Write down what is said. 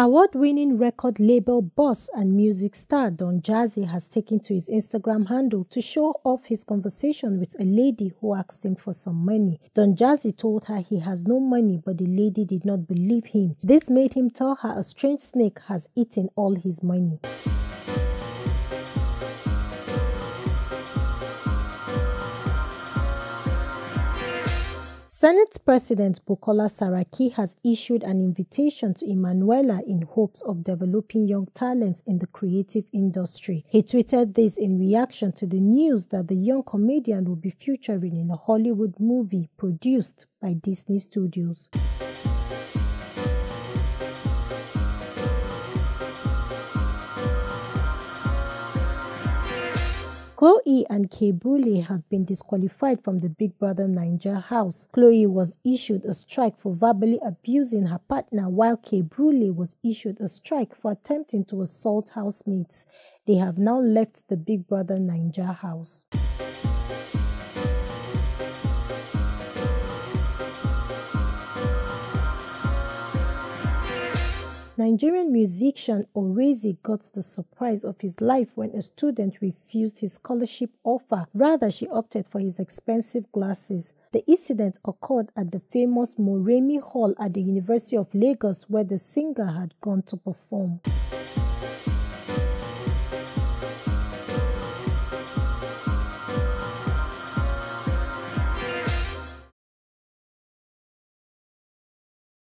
Award winning record label boss and music star Don Jazzy has taken to his Instagram handle to show off his conversation with a lady who asked him for some money. Don Jazzy told her he has no money, but the lady did not believe him. This made him tell her a strange snake has eaten all his money. Senate President Bukola Saraki has issued an invitation to Emanuela in hopes of developing young talents in the creative industry. He tweeted this in reaction to the news that the young comedian will be featuring in a Hollywood movie produced by Disney Studios. Chloe and Kebule have been disqualified from the Big Brother Niger house. Chloe was issued a strike for verbally abusing her partner while Kebule was issued a strike for attempting to assault housemates. They have now left the Big Brother Niger house. Nigerian musician Orezi got the surprise of his life when a student refused his scholarship offer. Rather, she opted for his expensive glasses. The incident occurred at the famous Moremi Hall at the University of Lagos where the singer had gone to perform.